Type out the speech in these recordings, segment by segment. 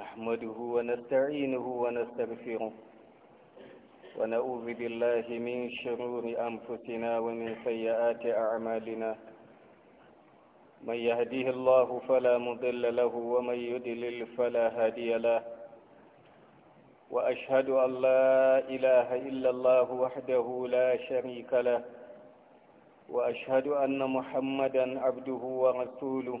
نحمده ونستعينه ونستغفره ونعوذ بالله من شرور أنفسنا ومن سيئات أعمالنا من يهديه الله فلا مضل له ومن يدلل فلا هادي له وأشهد أن لا إله إلا الله وحده لا شريك له وأشهد أن محمدا عبده ورسوله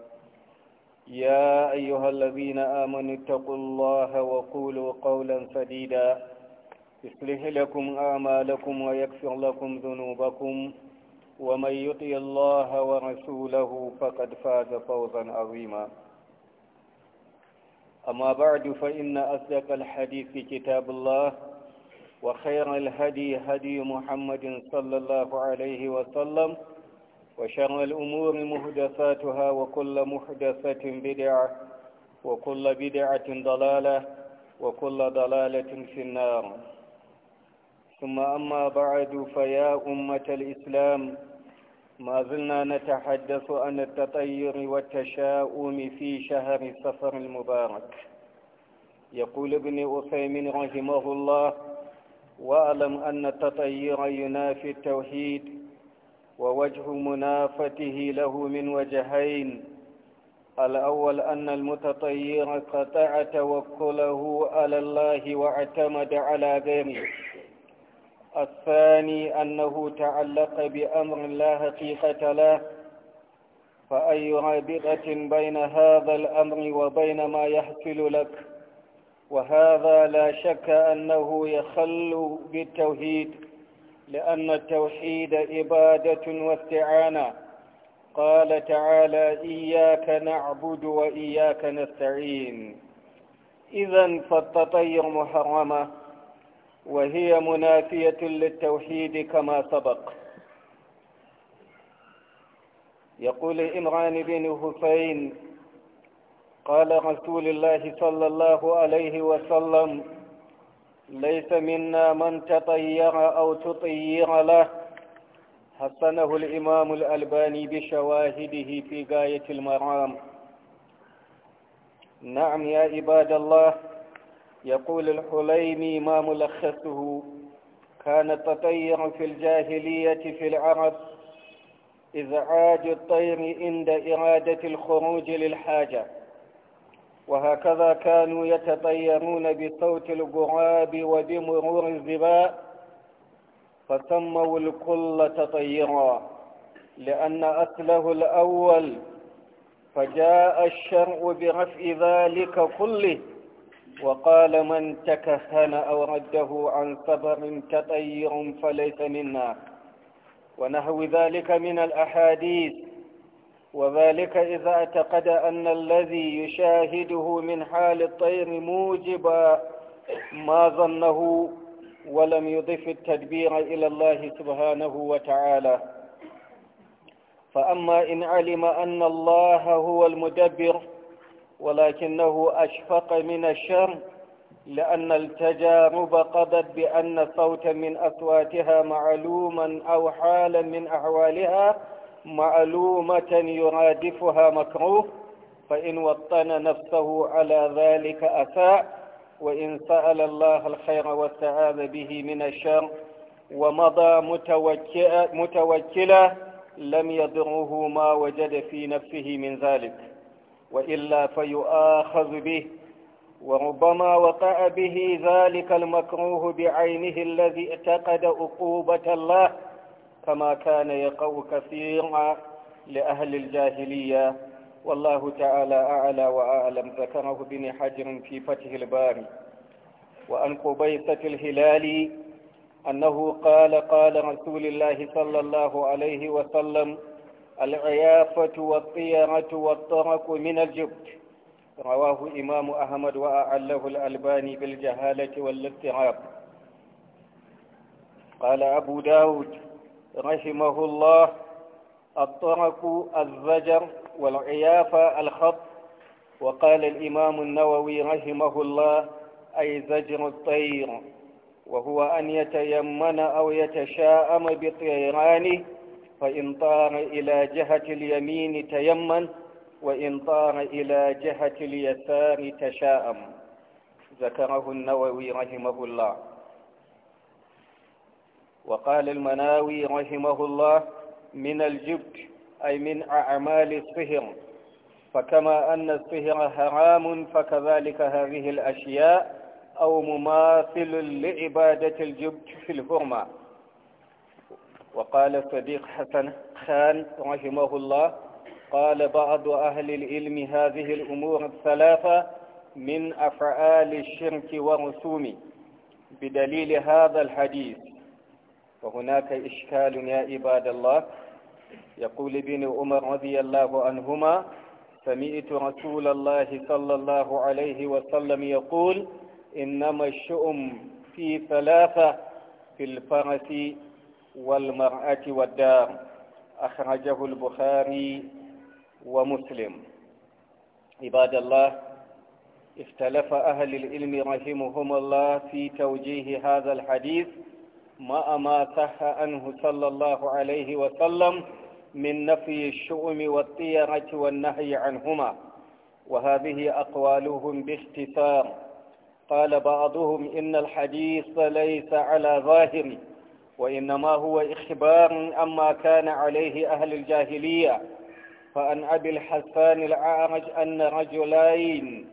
يا أيها الذين آمنوا اتقوا الله وقولوا قولا سديدا يصلح لكم آمالكم ويكفر لكم ذنوبكم ومن يطي الله ورسوله فقد فاز فوزا عظيما أما بعد فإن أصدق الحديث كتاب الله وخير الهدي هدي محمد صلى الله عليه وسلم وخير وشر الأمور مهدفاتها وكل مهدفة بدعة وكل بدعة ضلالة وكل ضلالة في النار ثم أما بعد فيا أمة الإسلام ما زلنا نتحدث عن التطير والتشاؤم في شهر السفر المبارك يقول ابن أثيمين رحمه الله واعلم أن التطير ينافي التوحيد ووجه منافته له من وجهين الأول أن المتطير قطع توكله على الله واعتمد على غيره الثاني أنه تعلق بأمر لا حقيقة له فأي رابطة بين هذا الأمر وبين ما يحصل لك وهذا لا شك أنه يخل بالتوحيد لأن التوحيد إبادة واستعانة قال تعالى إياك نعبد وإياك نستعين إذا فالتطير محرمة وهي منافية للتوحيد كما سبق يقول إمران بن حسين قال رسول الله صلى الله عليه وسلم ليس منا من تطير أو تطير له حسنه الإمام الألباني بشواهده في غاية المرام نعم يا عباد الله يقول الحليمي ما ملخصه كان التطير في الجاهلية في العرب إزعاج الطير عند إرادة الخروج للحاجة وهكذا كانوا يتطيرون بصوت الغراب وبمرور الزباء فسموا الكل تطيرا لأن أصله الأول فجاء الشرع برفع ذلك كله وقال من تكهن أو رده عن صبر تطير فليس منا ونحو ذلك من الأحاديث وذلك إذا اعتقد أن الذي يشاهده من حال الطير موجب ما ظنه ولم يضف التدبير إلى الله سبحانه وتعالى فأما إن علم أن الله هو المدبر ولكنه أشفق من الشر لأن التجارب قضت بأن صوتا من أصواتها معلوما أو حالا من أحوالها معلومة يرادفها مكروه فإن وطن نفسه على ذلك أساء وإن سأل الله الخير واستعاذ به من الشر ومضى متوكلا لم يضره ما وجد في نفسه من ذلك وإلا فيؤاخذ به وربما وقع به ذلك المكروه بعينه الذي اعتقد عقوبة الله كما كان يقو كثيرا لأهل الجاهلية والله تعالى أعلى وأعلم ذكره بن حجر في فتح الباري وأن قبيصة الهلالي أنه قال قال رسول الله صلى الله عليه وسلم العيافة والطيرة والطرق من الجبت رواه إمام أحمد وأعله الألباني بالجهالة والاضطراب قال أبو داود رحمه الله الطرق الزجر والعيافة الخط وقال الإمام النووي رحمه الله أي زجر الطير وهو أن يتيمن أو يتشاءم بطيرانه فإن طار إلى جهة اليمين تيمن وإن طار إلى جهة اليسار تشاءم ذكره النووي رحمه الله وقال المناوي رحمه الله من الجبت أي من أعمال الصهر فكما أن الصهر حرام فكذلك هذه الأشياء أو مماثل لعبادة الجبت في الهرمة وقال الصديق حسن خان رحمه الله قال بعض أهل العلم هذه الأمور الثلاثة من أفعال الشرك ورسومه بدليل هذا الحديث وهناك إشكال يا عباد الله يقول ابن عمر رضي الله عنهما سمعت رسول الله صلى الله عليه وسلم يقول إنما الشؤم في ثلاثة في الفرس والمرأة والدار أخرجه البخاري ومسلم عباد الله اختلف أهل العلم رحمهم الله في توجيه هذا الحديث ما ما صح عنه صلى الله عليه وسلم من نفي الشؤم والطيرة والنهي عنهما وهذه أقوالهم باختصار قال بعضهم إن الحديث ليس على ظاهر وإنما هو إخبار عما كان عليه أهل الجاهلية فأن أبي الحسان الأعرج أن رجلين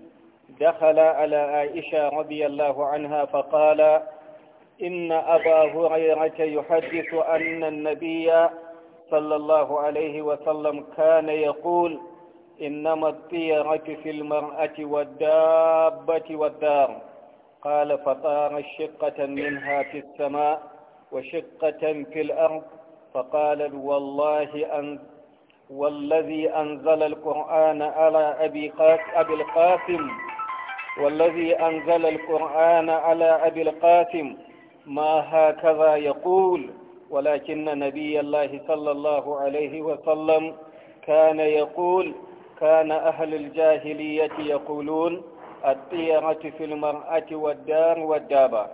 دخل على عائشة رضي الله عنها فقال إن أبا هريرة يحدث أن النبي صلى الله عليه وسلم كان يقول إنما الطيرة في المرأة والدابة والدار قال فطار شقة منها في السماء وشقة في الأرض فقال والله أن والذي أنزل القرآن على أبي, أبي القاسم والذي أنزل القرآن على أبي القاسم ما هكذا يقول ولكن نبي الله صلى الله عليه وسلم كان يقول كان أهل الجاهلية يقولون الطيرة في المرأة والدار والدابة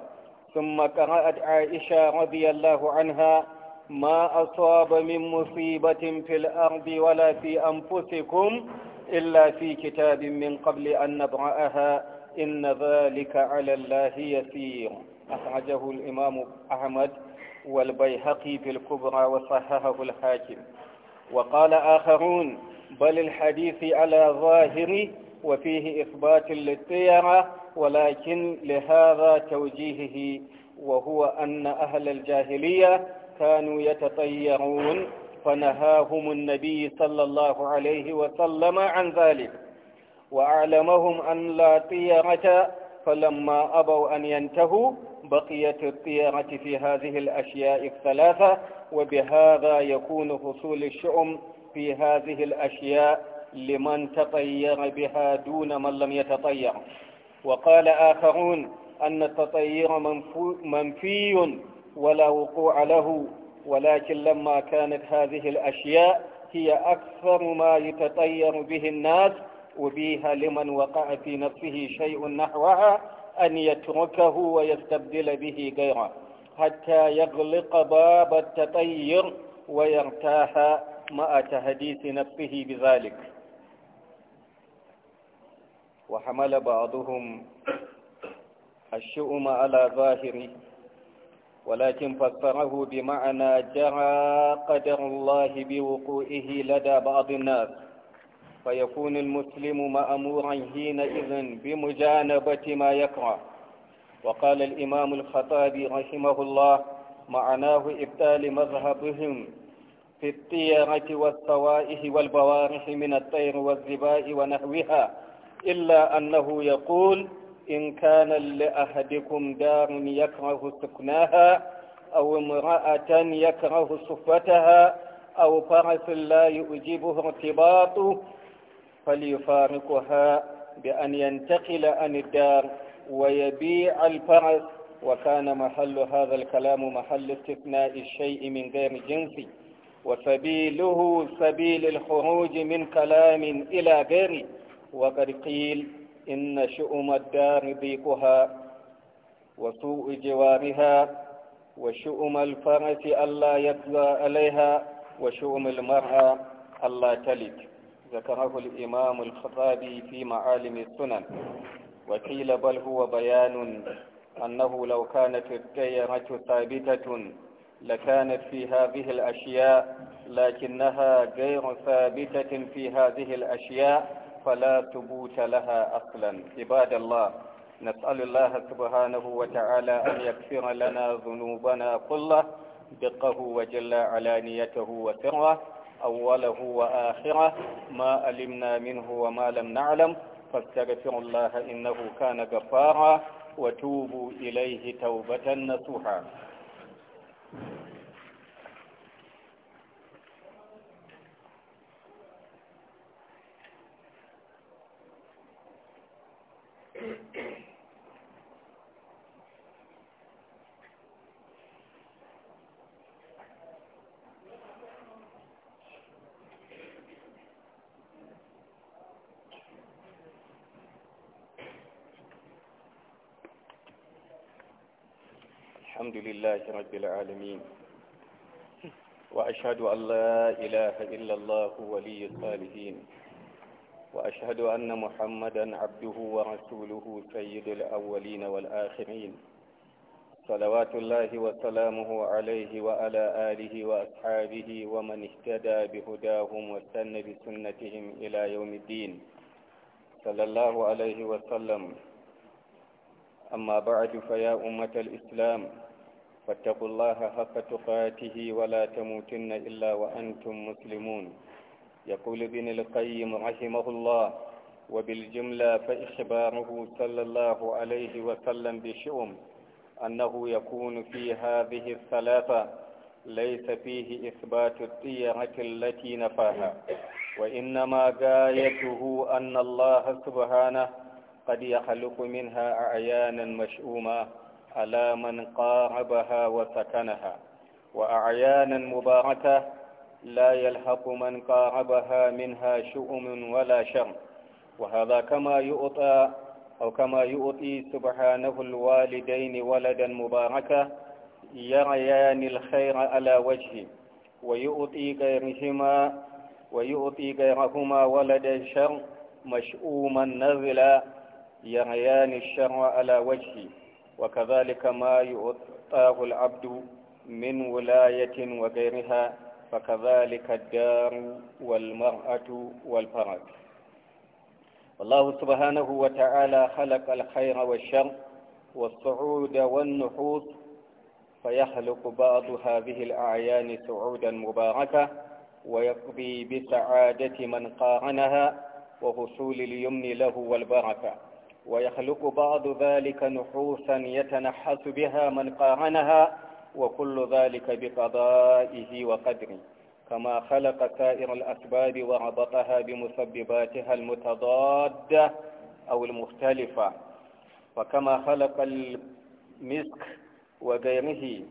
ثم قرأت عائشة رضي الله عنها ما أصاب من مصيبة في الأرض ولا في أنفسكم إلا في كتاب من قبل أن نبرأها إن ذلك على الله يسير أخرجه الإمام أحمد والبيهقي في الكبرى وصححه الحاكم وقال آخرون بل الحديث على ظاهره وفيه إثبات للطيرة ولكن لهذا توجيهه وهو أن أهل الجاهلية كانوا يتطيرون فنهاهم النبي صلى الله عليه وسلم عن ذلك وأعلمهم أن لا طيرة فلما أبوا أن ينتهوا بقيت الطيرة في هذه الأشياء الثلاثة وبهذا يكون حصول الشؤم في هذه الأشياء لمن تطير بها دون من لم يتطير وقال آخرون أن التطير منفي ولا وقوع له ولكن لما كانت هذه الأشياء هي أكثر ما يتطير به الناس أبيها لمن وقع في نفسه شيء نحوها أن يتركه ويستبدل به غيره حتى يغلق باب التطير ويرتاح مع تهديث نفسه بذلك وحمل بعضهم الشؤم على ظاهره ولكن فسره بمعنى جرى قدر الله بوقوعه لدى بعض الناس فيكون المسلم مأمورا حينئذ بمجانبة ما يكره وقال الإمام الخطابي رحمه الله معناه إبدال مذهبهم في الطيرة والصوائح والبوارح من الطير والزباء ونحوها إلا أنه يقول إن كان لأحدكم دار يكره سكناها أو امرأة يكره صفتها أو فرس لا يؤجبه ارتباطه فليفارقها بأن ينتقل عن الدار ويبيع الفرس وكان محل هذا الكلام محل استثناء الشيء من غير جنس وسبيله سبيل الخروج من كلام إلى غيره وقد قيل إن شؤم الدار ضيقها وسوء جوارها وشؤم الفرس ألا يتلى عليها وشؤم المرأة ألا تلد ذكره الإمام الخطابي في معالم السنن وقيل بل هو بيان أنه لو كانت الديرة ثابتة لكانت في هذه الأشياء لكنها غير ثابتة في هذه الأشياء فلا ثبوت لها أصلا عباد الله نسأل الله سبحانه وتعالى أن يكفر لنا ذنوبنا كله دقه وجل علانيته وسره أوله وآخره ما علمنا منه وما لم نعلم فاستغفروا الله إنه كان غفارا وتوبوا إليه توبة نصوحا لله رب العالمين وأشهد أن لا إله إلا الله ولي الصالحين وأشهد أن محمدا عبده ورسوله سيد الأولين والآخرين صلوات الله وسلامه عليه وعلى آله وأصحابه ومن اهتدى بهداهم واستنى بسنتهم إلى يوم الدين صلى الله عليه وسلم أما بعد فيا أمة الإسلام فاتقوا الله حق تقاته ولا تموتن إلا وأنتم مسلمون يقول ابن القيم رحمه الله وبالجملة فإخباره صلى الله عليه وسلم بشؤم أنه يكون في هذه الثلاثة ليس فيه إثبات الطيرة التي نفاها وإنما غايته أن الله سبحانه قد يخلق منها أعيانا مشؤوماً على من قاربها وسكنها وأعيانا مباركة لا يلحق من قاربها منها شؤم ولا شر وهذا كما يؤطى أو كما يؤطي سبحانه الوالدين ولدا مباركا يريان الخير على وجهه ويؤطي غيرهما ويؤطي غيرهما ولدا شر مشؤوما نزلا يريان الشر على وجهه وكذلك ما يؤطاه العبد من ولاية وغيرها فكذلك الدار والمرأة والفرج الله سبحانه وتعالى خلق الخير والشر والصعود والنحوس فيخلق بعض هذه الأعيان سعودا مباركة ويقضي بسعادة من قارنها وحصول اليمن له والبركة ويخلق بعض ذلك نحوسا يتنحس بها من قارنها وكل ذلك بقضائه وقدره كما خلق سائر الأسباب وربطها بمسبباتها المتضادة أو المختلفة وكما خلق المسك وغيره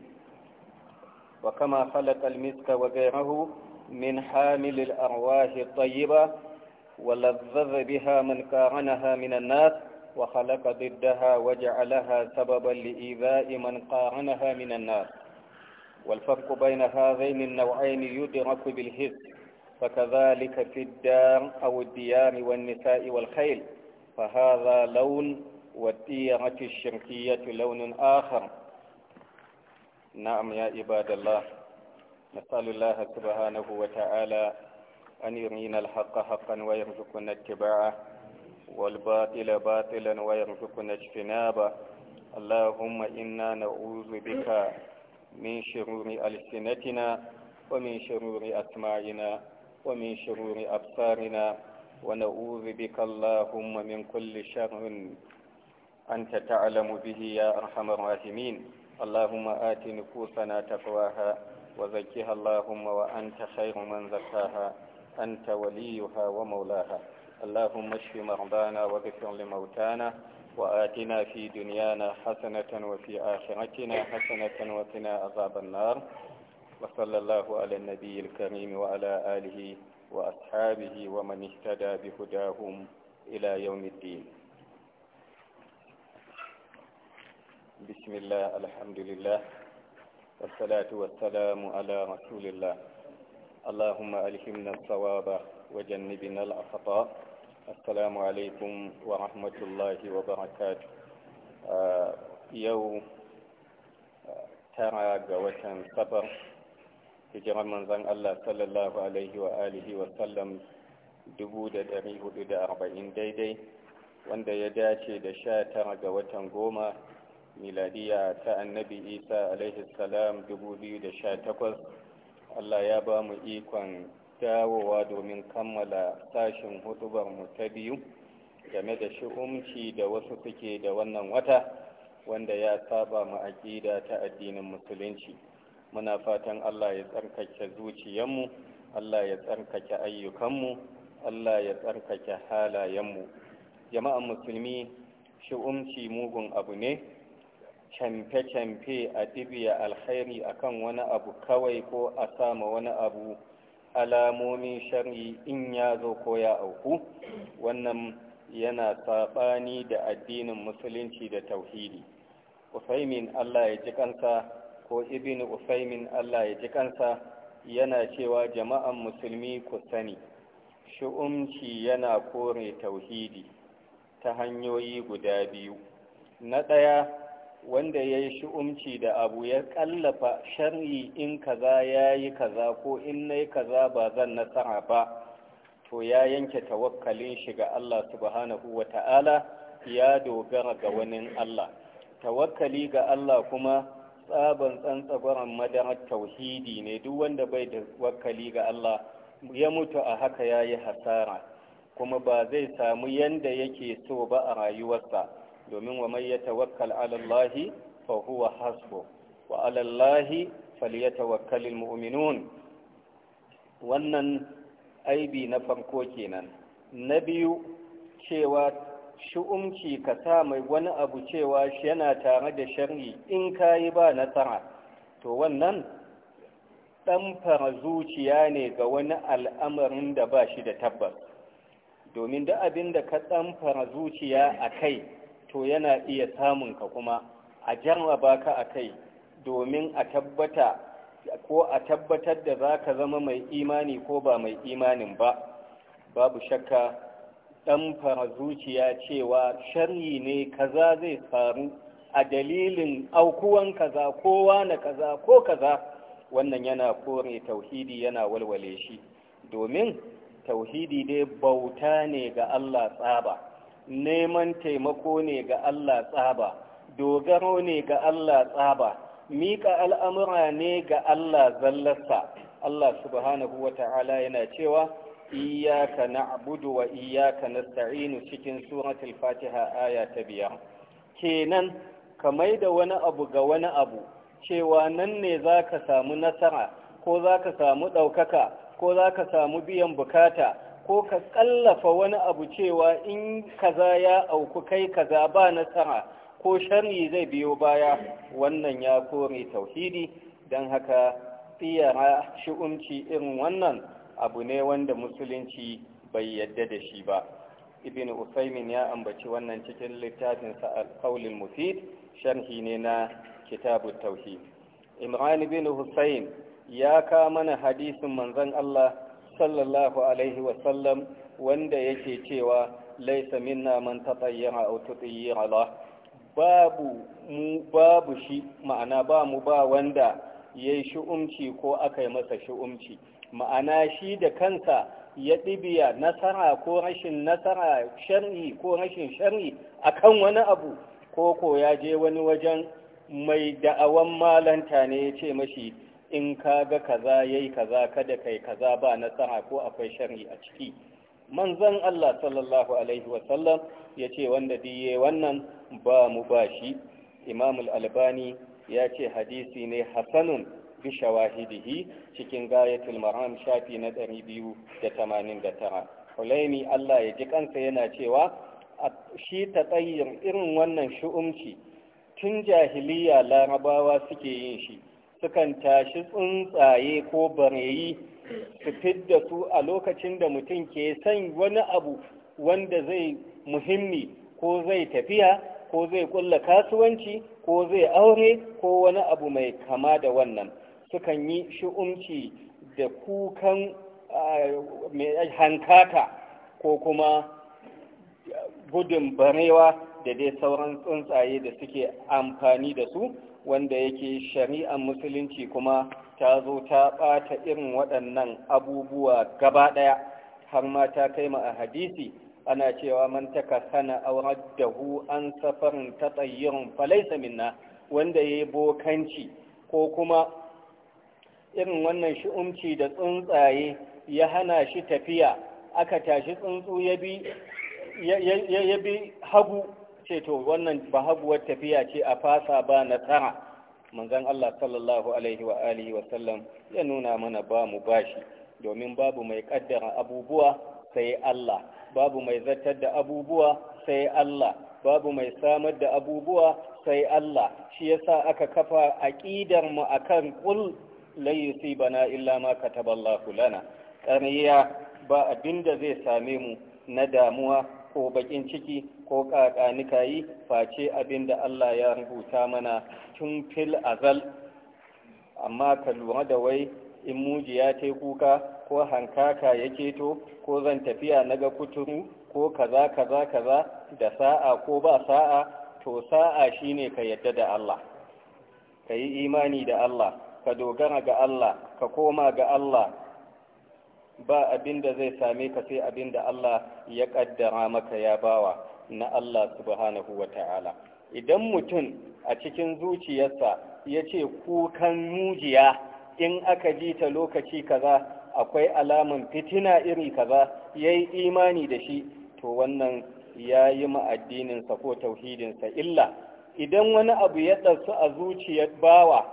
وكما خلق المسك وغيره من حامل الأرواح الطيبة ولذذ بها من قارنها من الناس وخلق ضدها وجعلها سببا لإيذاء من قارنها من النار والفرق بين هذين النوعين يدرك بالهز فكذلك في الدار أو الديان والنساء والخيل فهذا لون والديرة الشركية لون آخر نعم يا عباد الله نسأل الله سبحانه وتعالى أن يرينا الحق حقا ويرزقنا اتباعه والباطل باطلا ويرزقنا اجتنابه اللهم إنا نعوذ بك من شرور ألسنتنا ومن شرور أسماعنا ومن شرور أبصارنا ونعوذ بك اللهم من كل شر أنت تعلم به يا أرحم الراحمين اللهم آت نفوسنا تقواها وزكها اللهم وأنت خير من زكاها أنت وليها ومولاها اللهم اشف مرضانا واغفر لموتانا وآتنا في دنيانا حسنة وفي آخرتنا حسنة وقنا عذاب النار وصلى الله على النبي الكريم وعلى آله وأصحابه ومن اهتدى بهداهم إلى يوم الدين بسم الله الحمد لله والصلاة والسلام على رسول الله اللهم ألهمنا الصواب وجنبنا الأخطاء assalamu alaikum wa rahmatullahi wa barakatu uh, yau uh, tara ga watan safar hijirar manzan Allah sallallahu alaihi wa alihi wa sallam 1440 daidai wanda ya dace da sha tara ga watan goma miladiya ta annabi isa alaihi salam 2018 Allah ya bamu ikon dawowa domin kammala sashin hudubar mu ta biyu game da shi'umci da wasu suke da wannan wata wanda ya saba mu aƙida ta addinin musulunci muna fatan Allah ya tsarkake zuciyarmu Allah ya tsarkake ayyukanmu Allah ya tsarkake halayenmu jama'an musulmi shi'umci mugun abu ne camfe-camfe a ɗibiya alkhairi akan wani abu kawai ko a sama wani abu alamomin shari'i in ya zo ko ya auku wannan yana saɓani da addinin musulunci da tauhidi usaimin allah ya ji kansa ko ibn usaimin allah ya ji kansa yana cewa jama'an musulmi ku sani shi'umci yana kore tauhidi ta hanyoyi guda biyu na ɗaya wanda ya yi shi'umci da abu ya kallafa shar'i in kaza ya yi kaza ko in na yi kaza ba zan nasara ba to ya yanke tawakkalin shi ga Allah subhanahu wa ta'ala ya dogara ga wani Allah tawakkali ga Allah kuma tsaban tsantsabaran madarar tauhidi ne duk wanda bai da tawakkali ga Allah ya mutu a haka ya yi hasara kuma ba zai samu yanda yake so ba a rayuwarsa domin wa mai ya tawakkal alallahi fa huwa hasbo wa alallahi falyatawakkal mu'minun wannan aibi na farko kenan na biyu cewa shi'umci ka sa mai wani abu cewa shi yana tare da shari in kayi ba nasara to wannan fara zuciya ne ga wani al'amarin da ba shi da tabbas domin da abin da ka fara zuciya a kai to yana iya samun ka kuma a jarraba baka a kai domin a tabbata ko a tabbatar da za ka zama mai imani ko ba mai imanin ba babu shakka ɗan fara zuciya cewa shari ne kaza zai faru a dalilin aukuwan kaza kowa na kaza ko kaza wannan yana kore tauhidi yana walwale shi domin tauhidi dai bauta ne ga Allah tsaba neman taimako ne ga Allah tsaba dogaro ne ga Allah tsaba miƙa al'amura ne ga Allah zallarsa Allah subhanahu wa ta'ala yana cewa iyaka Abudu wa iyaka Sa'inu cikin suratul fatiha aya ta biyar kenan ka maida wani abu ga wani abu cewa nan ne za ka samu nasara ko za ka samu ɗaukaka ko za ka samu biyan bukata ko ka kallafa wani abu cewa in kaza ya auku kai kaza ba nasara ko sharri zai biyo baya wannan ya kore tauhidi don haka tsiyara shi'umci irin wannan abu ne wanda musulunci bai yadda da shi ba ibn usaimin ya ambaci wannan cikin littafinsa a kaulin mufid sharhi ne na kitabu tauhid imran bin husayn ya ka mana hadisin manzon Allah sallallahu alaihi wasallam wanda yake cewa laisa minna man tatayyara aw tutayyira la babu mu babu shi ma'ana ba mu ba wanda yayi shu'umci ko aka yi masa shu'umci ma'ana shi da kansa ya ɗibiya nasara ko rashin nasara shar'i ko rashin shar'i akan wani abu ko ko ya je wani wajen mai da'awan malanta ne ya ce mashi in ka ga kaza yayi kaza kada kai kaza ba saha ko akwai shari a ciki manzon Allah sallallahu alaihi sallam ya ce wanda diye wannan ba mu bashi imam al-albani ya ce hadisi ne hasanun bi shawahidihi cikin gayatul maram shafi na 289 Hulaini Allah ya ji kansa yana cewa shi ta tsayin irin wannan shu'umci tun jahiliya larabawa suke yin shi sukan tashi tsuntsaye ko bareyi su fidda su a lokacin da mutum ke son wani abu wanda zai muhimmi ko zai tafiya ko zai kulla kasuwanci ko zai aure ko wani abu mai kama da wannan sukan yi shi'umci da kukan hankaka ko kuma gudun barewa da dai sauran tsuntsaye da suke amfani da su wanda yake shari'ar musulunci kuma ta zo ta ɓata irin waɗannan abubuwa gaba ɗaya har ma ta kai ma a hadisi ana cewa man taka sana hu an safarin ta tsayirin falaisa minna wanda ya yi bokanci ko kuma irin wannan shi'umci da tsuntsaye ya hana shi tafiya aka tashi tsuntsu ya bi hagu ce to wannan bahabuwar tafiya ce a fasa ba na tsara manzon Allah sallallahu alaihi wa alihi wa sallam ya nuna mana ba mu bashi domin babu mai kaddara abubuwa sai Allah babu mai zartar da abubuwa sai Allah babu mai samar da abubuwa sai Allah shi yasa aka kafa aqidar mu akan qul la bana illa ma kataballahu lana ƙarya ba abinda zai same mu na damuwa ko bakin ciki ko ƙaƙanika yi face abin da Allah ya rubuta mana tun fil azal amma ka lura da wai in mujiya ta kuka ko hankaka ya keto ko zan tafiya na ga kuturu ko kaza kaza kaza da sa'a ko ba sa'a to sa'a shine ka yadda da Allah ka yi imani da Allah ka dogara ga Allah ka koma ga Allah ba abin da zai same ka sai abin da Allah ya ƙaddara maka ya bawa na Allah subhanahu wa ta'ala idan mutum a cikin zuciyarsa ya ce kukan mujiya in aka ji ta lokaci kaza akwai alaman fitina iri kaza ya yi imani da shi to wannan ya yi ma'addininsa ko tauhidinsa illa idan wani abu ya ɗarsu a zuciyar bawa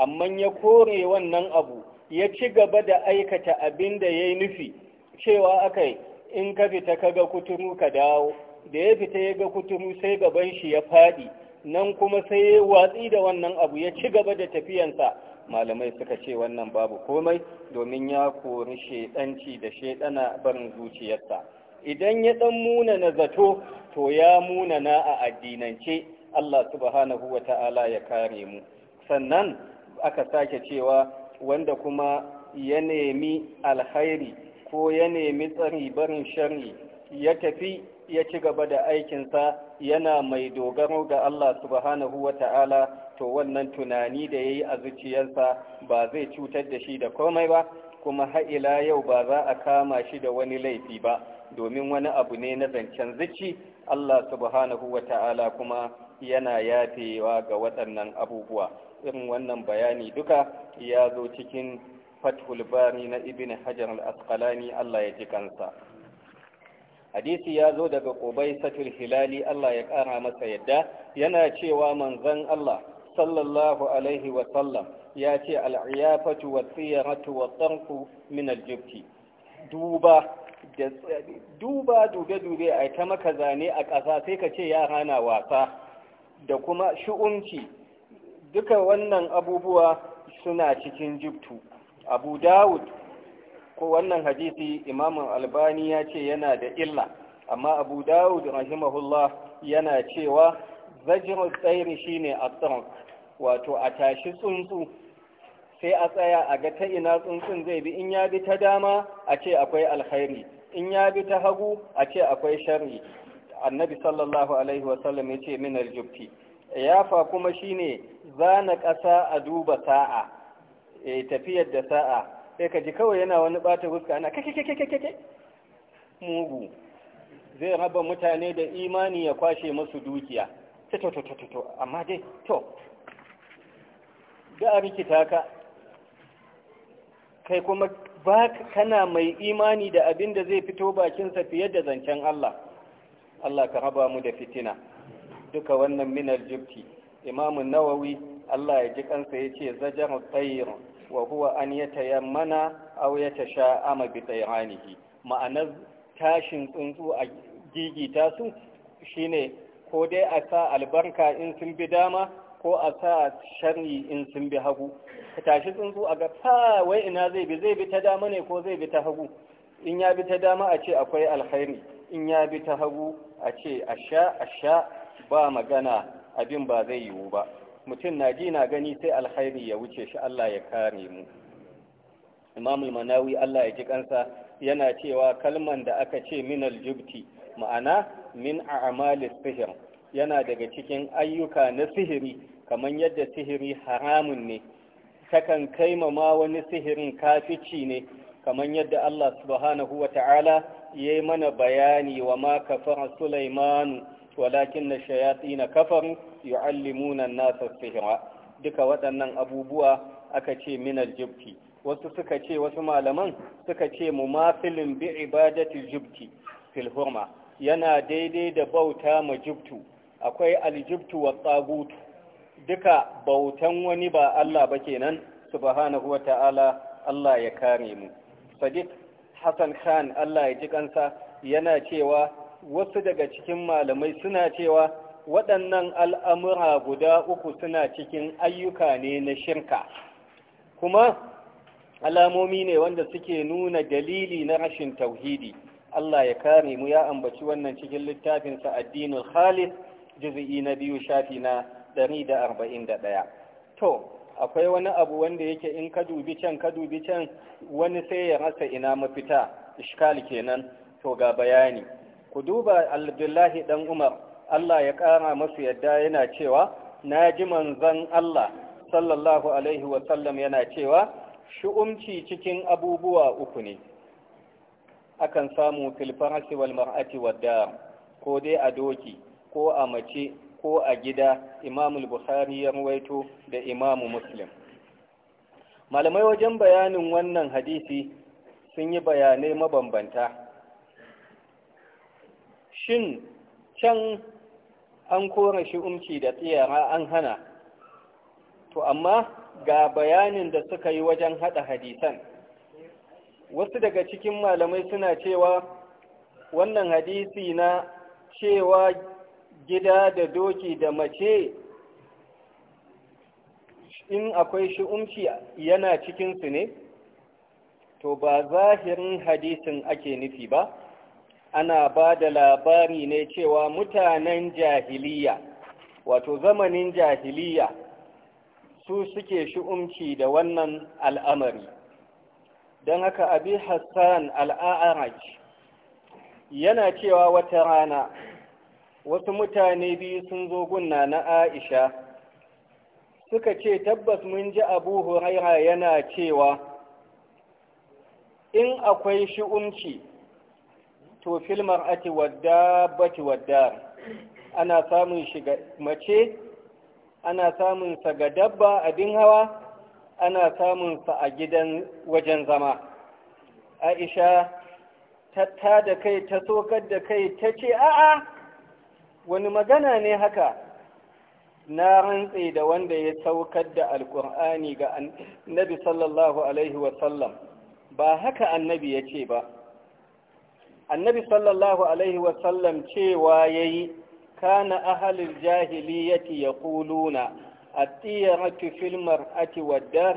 amma ya kore wannan abu ya ci gaba da aikata abin da ya nufi cewa aka yi in ka fita kaga kuturu ka dawo da ya fita ya ga kuturu sai gaban shi ya faɗi nan kuma sai ya watsi da wannan abu ya ci gaba da tafiyansa malamai suka ce wannan babu komai domin ya kori shaidanci da shaidana barin zuciyarsa idan ya dan muna na zato to ya muna na a addinance Allah subhanahu wa ta'ala ya kare mu sannan aka sake cewa wanda kuma ya nemi alkhairi ko ya nemi tsari barin shari ya tafi ya ci gaba da aikinsa yana mai dogaro ga Allah subhanahu wa ta'ala to wannan tunani da ya yi a zuciyarsa ba zai cutar da shi da komai ba kuma ha'ila yau ba za a kama shi da wani laifi ba domin wani abu ne na zancen zuci Allah subhanahu wa ta'ala kuma yana yafewa ga waɗannan abubuwa irin wannan bayani duka ya zo cikin fathul na ibn hajar al Allah ya ji kansa hadisi ya zo daga ƙubai satul hilali Allah ya ƙara masa yadda yana cewa manzon Allah sallallahu alaihi wa sallam ya ce al'iyafatu wa tsiyaratu wa tsarku min aljibti duba duba dube dube a ta maka zane a ƙasa sai ka ce yara na wasa da kuma shu'unci duka wannan abubuwa suna cikin jibtu abu dawud ko wannan hadisi imamun albani ya ce yana da illa amma abu dawud rahimahullah yana cewa zajirun tsairi shine a wato a tashi tsuntsu sai a tsaya a ga ta ina tsuntsun zai bi in ya bi ta dama a ce akwai alkhairi in ya bi ta hagu a ce akwai shari annabi sallallahu alaihi wasallam ya ce min aljubti yafa kuma shine zana ƙasa a duba sa'a eh, tafiyar da sa'a sai ka ji kawai yana wani bata fuska ana kakekekekeke mugu zai raba mutane da imani ya kwashe masu dukiya ta to to to amma dai to da a ka kai kuma ba kana mai imani da abin da zai fito bakinsa fiye da zancen Allah Allah ka raba mu da fitina duka wannan minar jibti imamun nawawi Allah ya ji kansa ya ce wa huwa an yatayammana aw yatasha'ama bi tsayranihi ma'anar tashin tsuntsu a gigita su shine ko dai a sa albarka in sun bi dama ko a sa sharri in sun bi hagu tashi tsuntsu a ga fa wai ina zai bi zai bi ta dama ne ko zai bi ta hagu in ya bi ta dama a ce akwai alkhairi in ya bi ta hagu a ce asha asha ba magana abin ba zai yiwu ba mutum na ji na gani sai alkhairi ya wuce shi Allah ya kare mu imamul manawi Allah ya ji kansa yana cewa kalman da aka ce min aljubti ma'ana min a'malis sihir yana daga cikin ayyuka na sihiri kamar yadda sihiri haramun ne takan kaimama wani sihirin kafici ne kamar yadda Allah subhanahu wa ta'ala ya yi mana bayani wa ma kafara Sulaiman walakin na shayatsina kafaru yu'allimuna an-nasa sihra duka waɗannan abubuwa aka ce min al-jibti wasu suka ce wasu malaman suka ce mumathilin bi ibadati jibti fil hurma yana daidai da bauta ma jibtu akwai al-jibtu wa tsagutu duka bautan wani ba Allah ba kenan subhanahu wa ta'ala Allah ya kare mu sadiq hasan khan Allah ya ji kansa yana cewa wasu daga cikin malamai suna cewa waɗannan al'amura guda uku suna cikin ayyuka ne na shirka kuma alamomi ne wanda suke nuna dalili na rashin tauhidi Allah ya kare mu ya ambaci wannan cikin littafinsa addinin khalis juzi'i na biyu shafi na 141 to akwai wani abu wanda yake in ka dubi can ka dubi can wani sai ya rasa ina mafita iskali kenan to ga bayani ku duba abdullahi dan umar Allah ya ƙara masu yadda yana cewa na ji manzan Allah sallallahu alaihi wasallam yana cewa shi'umci cikin abubuwa uku ne akan samu filfarasi wal wadda ko dai a doki ko a mace ko a gida imamul bukhari ya ruwaito da imamu muslim malamai wajen bayanin wannan hadisi sun yi bayanai mabambanta shin can an kora shi umci da tsiyara an hana to amma ga bayanin da suka yi wajen hada hadisan wasu daga cikin malamai suna cewa wannan hadisi na cewa gida da doki da mace in akwai shi umci yana cikinsu ne to ba zahirin hadisin ake nufi ba ana ba da labari ne cewa mutanen jahiliya wato zamanin jahiliya su suke shi'umci da wannan al'amari don haka abi hassan al'a'araj yana cewa wata rana wasu mutane biyu sun zo gunna na aisha suka ce tabbas mun ji abu huraira yana cewa in akwai shi'umci to filmar ati wadda bati wadda ana samun shiga mace ana samun sa ga dabba abin hawa ana samun sa a gidan wajen zama aisha ta da kai ta sokar da kai ta ce a'a wani magana ne haka na rantse da wanda ya saukar da alkur'ani ga annabi sallallahu alaihi wasallam ba haka annabi ya ce ba annabi sallallahu alaihi wasallam cewa ya yi kana ahalin jahiliyati ya kuluna a tsiyaratu filmar ati wadda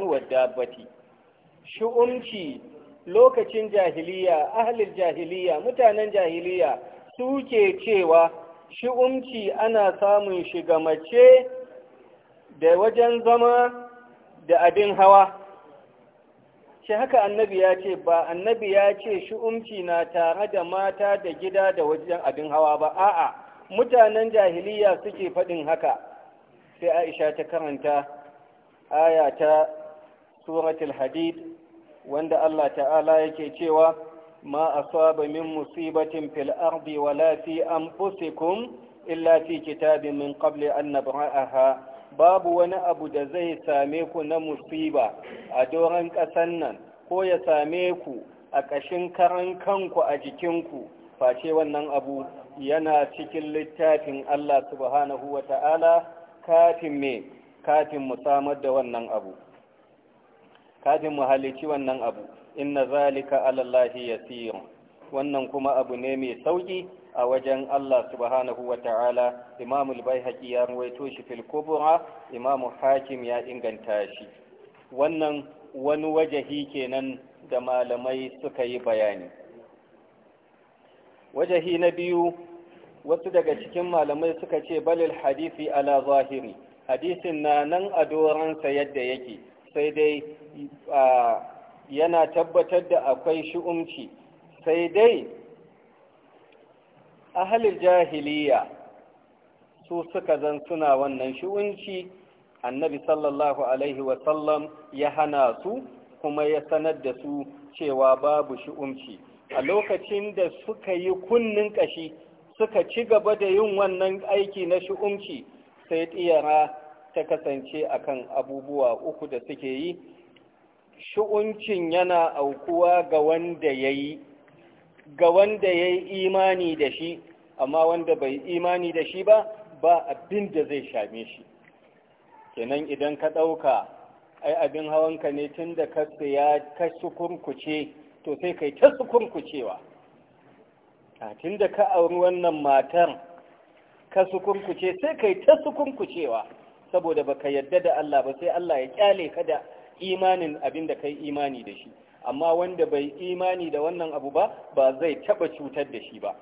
shi'unci lokacin jahiliya ahalin jahiliya mutanen jahiliya suke cewa shi'unci ana samun shiga mace da wajen zama da abin hawa ce haka annabi ya ce ba annabi ya ce shu'umci na tare da mata da gida da wajen abin hawa ba a'a mutanen jahiliya suke faɗin haka sai aisha ta karanta aya ta suratul hadid wanda Allah ta'ala yake cewa ma asaba min musibatin fil ardi wala fi anfusikum illa fi kitabin min qabli an nabra'aha babu wani abu da zai same ku na musiba a doron ƙasan nan ko ya same ku a ƙashin karan kanku a jikinku face wannan abu yana cikin littafin Allah subhanahu wa ta'ala kafin me kafin mu samar da wannan abu kafin mu halici wannan abu inna zalika alallahi yasir wannan kuma abu ne mai sauƙi? a wajen Allah subhanahu wa ta'ala Imam al-Baihaqi ya ruwaito shi fil kubra Imam Hakim ya inganta shi wannan wani wajahi kenan da malamai suka yi bayani wajahi na biyu wasu daga cikin malamai suka ce balil hadisi ala zahiri hadisin na nan a doransa yadda yake sai dai yana tabbatar da akwai shi'umci sai dai ahalil jahiliya su suka zan suna wannan shi'unci annabi sallallahu alaihi wasallam ya hana su kuma ya sanar da su cewa babu shi'unci a lokacin da suka yi kunnin kashi suka ci gaba da yin wannan aiki na shi'unci sai tsiyara ta kasance a kan abubuwa uku da suke yi shi'uncin yana aukuwa ga wanda ya yi ga wanda ya yi imani da shi amma wanda bai imani da shi ba ba abin da zai shame shi kenan idan ka ɗauka ai abin hawanka ne tun da ka ya ka sukurkuce to sai kai ta sukurkucewa a tun da ka auri wannan matar ka sukurkuce sai kai ta sukurkucewa saboda baka yadda da Allah ba sai Allah ya kyale ka da imanin abin da kai imani da shi amma wanda bai imani da wannan abu ba ba zai taba cutar da shi ba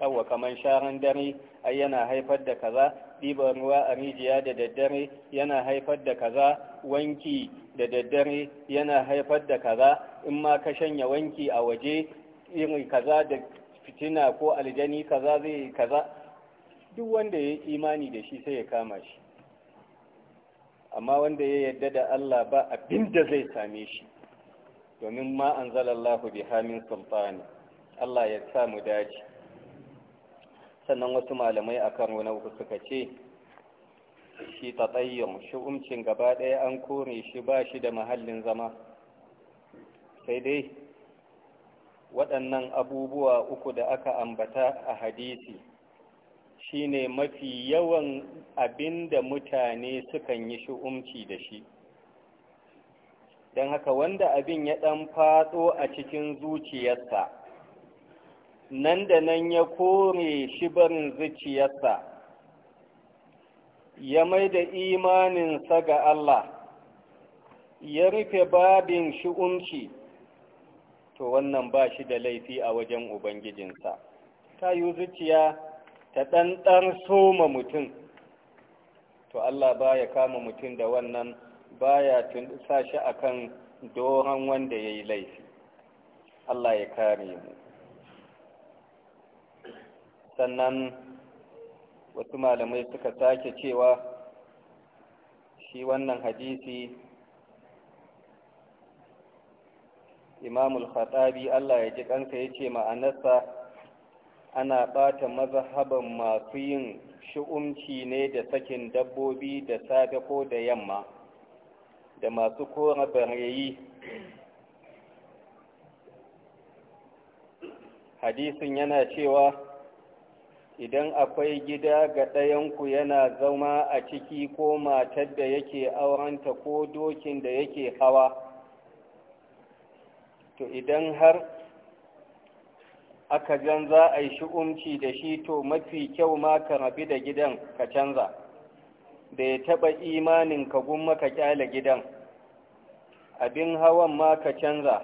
yawa kamar sharan dare ai yana haifar da kaza ɗiban ruwa a rijiya da daddare yana haifar da kaza wanki da daddare yana haifar da kaza in ma ka shanya wanki a waje irin kaza da fitina ko aljani kaza zai kaza duk wanda ya imani da shi sai ya kama shi amma wanda ya yarda da Allah ba abin da zai same shi domin ma an zalallahu bi hamin sultani Allah ya sa mu dace sannan wasu malamai a karo na uku suka ce shi tatsayyar shi umcin gaba ɗaya an kore shi ba shi da mahallin zama sai dai waɗannan abubuwa uku da aka ambata a hadisi shine mafi yawan abin da mutane sukan yi shi da shi don haka wanda abin ya ɗan fatso a cikin zuciyarsa nan da nan ya kore shi barin zuciyarsa ya mai da imaninsa ga Allah ya rufe babin shi'unci to wannan ba shi da laifi a wajen Ubangijinsa ta yi zuciya ta ɗanɗar soma mutum to Allah ba ya kama mutum da wannan baya tun sa shi akan doron wanda yayi laifi Allah ya kare mu sannan wasu malamai suka sake cewa shi wannan hadisi imamul khatabi Allah ya ji kansa ya ce ma'anarsa ana ɓata mazhaban masu yin shi'umci ne da sakin dabbobi da safe ko da yamma da masu kora yi hadisin yana cewa idan akwai gida ga ɗayanku yana zama a ciki ko matar da yake aurenta ko dokin da yake hawa to idan har aka jan za a yi shi'umci da shi to mafi kyau ma ka rabi da gidan ka canza da ya taɓa imanin ka gumma ka ƙyale gidan abin hawan ma ka canza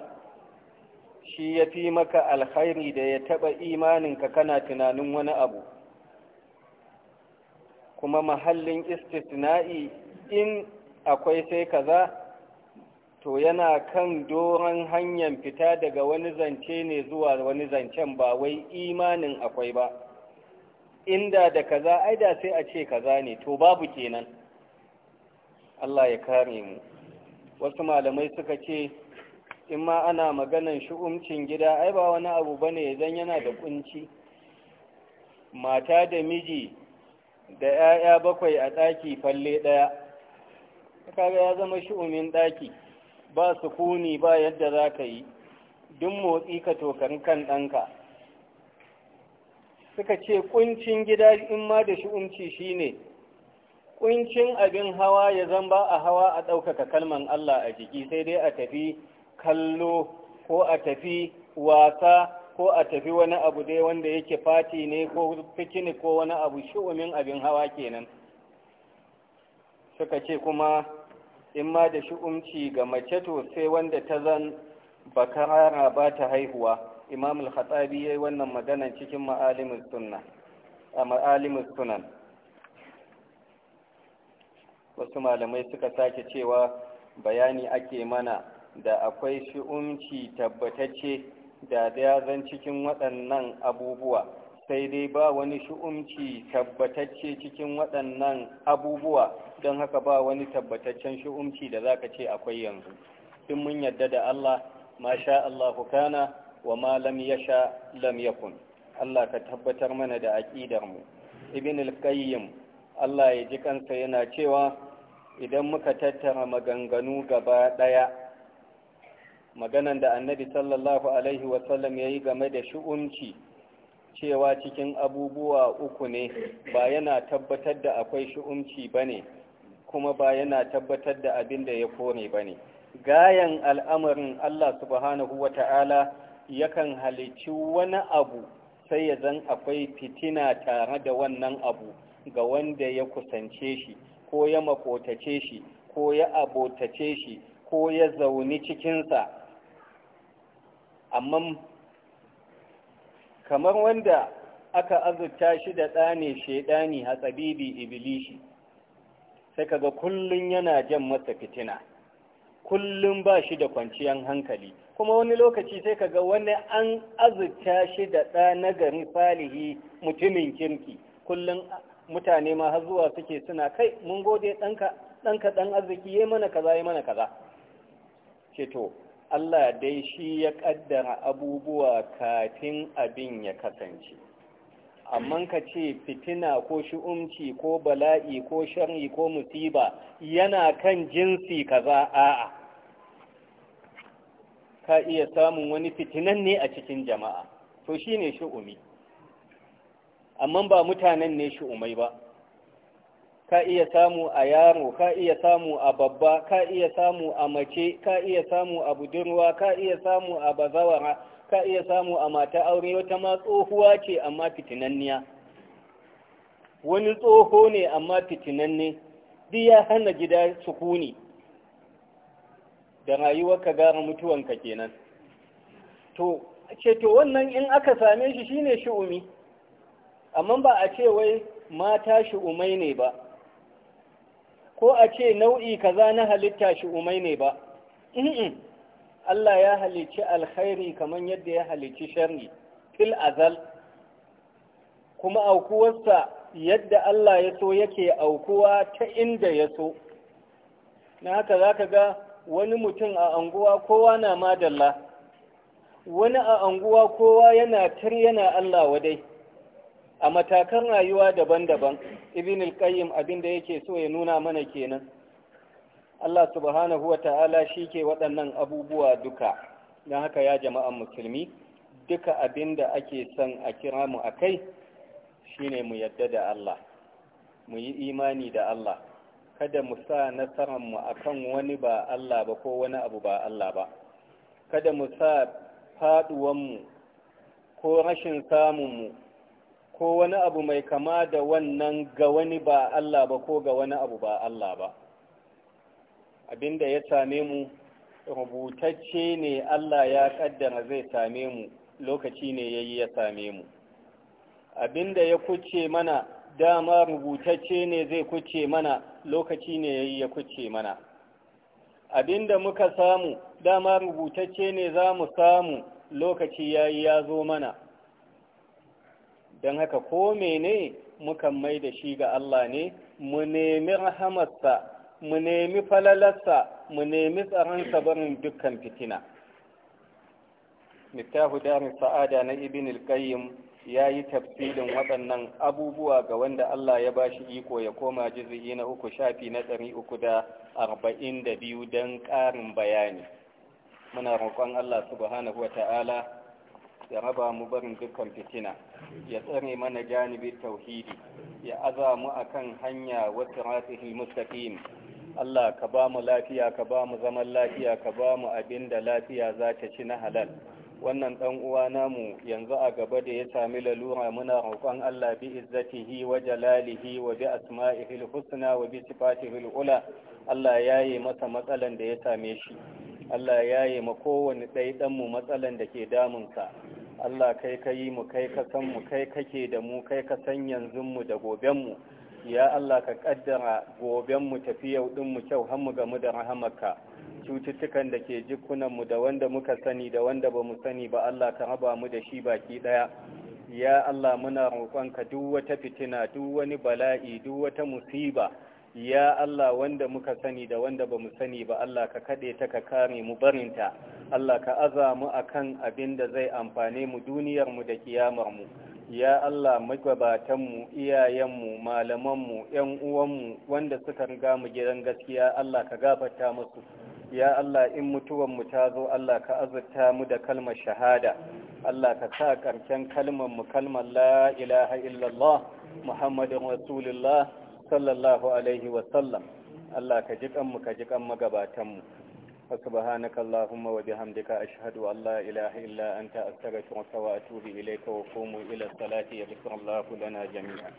shi ya fi maka alkhairi da ya taɓa imanin ka kana tunanin wani abu kuma mahallin istisna'i in akwai sai kaza to yana kan doron hanyar fita daga wani zance ne zuwa wani zancen ba wai imanin akwai ba inda da kaza ai da sai a ce kaza ne to babu kenan Allah ya kare mu wasu malamai suka ce in ma ana maganan shu'umcin gida ai ba wani abu bane idan yana da kunci mata da miji da 'ya'ya bakwai a ɗaki falle ɗaya kaga ya zama shu'umin ɗaki ba kuni ba yadda za ka yi Dun motsi ka tokarin kan ɗanka suka ce kuncin gida in ma da shi shine kuncin abin hawa ya ba a hawa a ɗaukaka kalman Allah a jiki sai dai a tafi kallo ko a tafi wasa ko a tafi wani abu dai wanda yake fati ne ko fikini ko wani abu shi'umin abin hawa kenan suka ce kuma in ma da shi'umci ga mace to sai wanda ta zan bakarara ba ta haihuwa imam al-khatabi yayi wannan magana cikin ma'alimus sunna a ma'alimus sunan wasu malamai suka sake cewa bayani ake mana da akwai shi'unci tabbatacce da ya zan cikin waɗannan abubuwa sai dai ba wani shi'umci tabbatacce cikin waɗannan abubuwa don haka ba wani tabbataccen shu'unci da za ka ce akwai yanzu in mun yadda da Allah masha Allah kana wa ma lam yasha lam yakun Allah ka tabbatar mana da aqidar mu ibn al-qayyim Allah ya ji kansa yana cewa idan muka tattara maganganu gaba daya maganan da annabi sallallahu alaihi wa ya yi game da shu'umci cewa cikin abubuwa uku ne ba yana tabbatar da akwai shu'umci ba kuma ba yana tabbatar da abin da ya kone bane gayan al'amarin allah subhanahu wa ta'ala yakan halici wani abu sai ya zan akwai fitina tare da wannan abu ga wanda ya kusance shi ko ya makotace shi ko ya abotace shi ko ya zauni cikinsa amma kamar wanda aka azurta shi da ɗane shaidani hatsabibi ibilishi sai kaga kullum yana jan masa fitina kullum ba shi da kwanciyar hankali kuma wani lokaci sai ka ga wani an azurta shi da ɗa gari falihi mutumin kirki kullum mutane ma har zuwa suke suna kai mun gode ɗanka ɗanka ɗan arziki ya mana kaza ya mana kaza ce to Allah dai shi ya ƙaddara abubuwa kafin abin ya kasance amma ka ce fitina ko shi'umci ko bala'i ko shari ko musiba yana kan jinsi kaza a'a ka iya samun wani fitinan ne a cikin jama'a to shi shine shi'umi amma ba mutanen ne shi'umai ba ka iya samu a yaro ka iya samu a babba ka iya samu a mace ka iya samu a budurwa ka iya samu a bazawara ka iya samu a mata aure wata ma tsohuwa ce amma fitinanniya wani tsoho ne amma fitinanne duk ya hana gida sukuni da rayuwarka gara mutuwanka kenan to ce to wannan in aka same shi shine shi'umi amma ba a ce wai mata shi'umai ne ba ko a ce nau'i kaza na halitta shi'umai ne ba Allah ya halicci alkhairi kamar yadda ya halici sharri fil azal kuma aukuwarsa yadda Allah ya so yake aukuwa ta inda ya so na haka za ka ga wani mutum a anguwa kowa na madalla wani a anguwa kowa yana tar yana Allah wadai a matakan rayuwa daban-daban ibn al-qayyim abin yake so ya nuna mana kenan Allah subhanahu wa ta'ala shi ke waɗannan abubuwa duka na haka ya jama'an musulmi duka abin da ake son a kira mu a kai shi ne mu yadda da Allah mu yi imani da Allah kada mu sa nasararmu a kan wani ba Allah ba ko wani abu ba Allah ba kada mu sa faɗuwanmu ko rashin samunmu ko wani abu mai kama da wannan ga wani ba Allah ba ko ga wani abu ba Allah ba abinda ya same mu rubutacce ne Allah ya kaddara zai same mu lokaci ne yayi ya same mu abinda ya kuce mana dama rubutacce ne zai kuce mana lokaci ne yayi ya kuce mana abinda muka samu dama rubutacce ne za mu samu lokaci yayi ya zo mana don haka ko mene muka mai da shi ga Allah ne mu nemi rahamarsa mu nemi falalarsa mu nemi tsaronsa barin dukkan fitina littafi darin sa'ada na ibn al-qayyim ya yi tafsirin waɗannan abubuwa ga wanda Allah ya ba shi iko ya koma jizi'i na uku shafi na ɗari uku da arba'in da biyu don ƙarin bayani muna roƙon Allah subhanahu wa ta'ala ya raba mu barin dukkan fitina ya tsare mana janibin tauhidi ya aza mu akan hanya wasu ratihil mustaqim Allah ka ba mu lafiya ka ba mu zaman lafiya ka ba mu abin da lafiya za ta ci na halal wannan ɗan uwa namu yanzu a gaba da ya sami lalura muna roƙon Allah bi izzatihi wa jalalihi wa bi al husna wa bi al ula Allah yayi masa matsalan da ya same shi Allah yayi ma kowanne ɗai ɗan mu matsalan da ke damunsa Allah kai ka yi mu kai ka san mu kai kake da mu kai ka san yanzu mu da goben mu ya Allah ka kaddara goben mu tafi yau din mu kyau har mu gamu da rahamarka cututtukan da ke jikunan mu da wanda muka sani da wanda ba mu sani ba Allah ka raba mu da shi baki daya ya Allah muna roƙonka duk wata fitina duk wani bala'i duk wata musiba ya Allah wanda muka sani da wanda ba mu sani ba Allah ka kade ta ka kare mu barinta Allah ka aza mu akan abin da zai amfane mu duniyar mu da kiyamar mu ya Allah magabatanmu iyayenmu malamanmu ‘yan uwanmu wanda suka riga mu gidan gaskiya Allah ka gabata musu ya Allah in mutuwanmu ta zo Allah ka azurta mu da kalmar shahada Allah ka sa ƙarshen kalmar mu kalmar la ilaha illallah Muhammadin Rasulullah sallallahu alaihi wasallam Allah ka ji kanmu ka ji kan magabatanmu فسبحانك اللهم وبحمدك أشهد أن لا إله إلا أنت أستغفرك وأتوب إليك وقوم إلى الصلاة يغفر الله لنا جميعا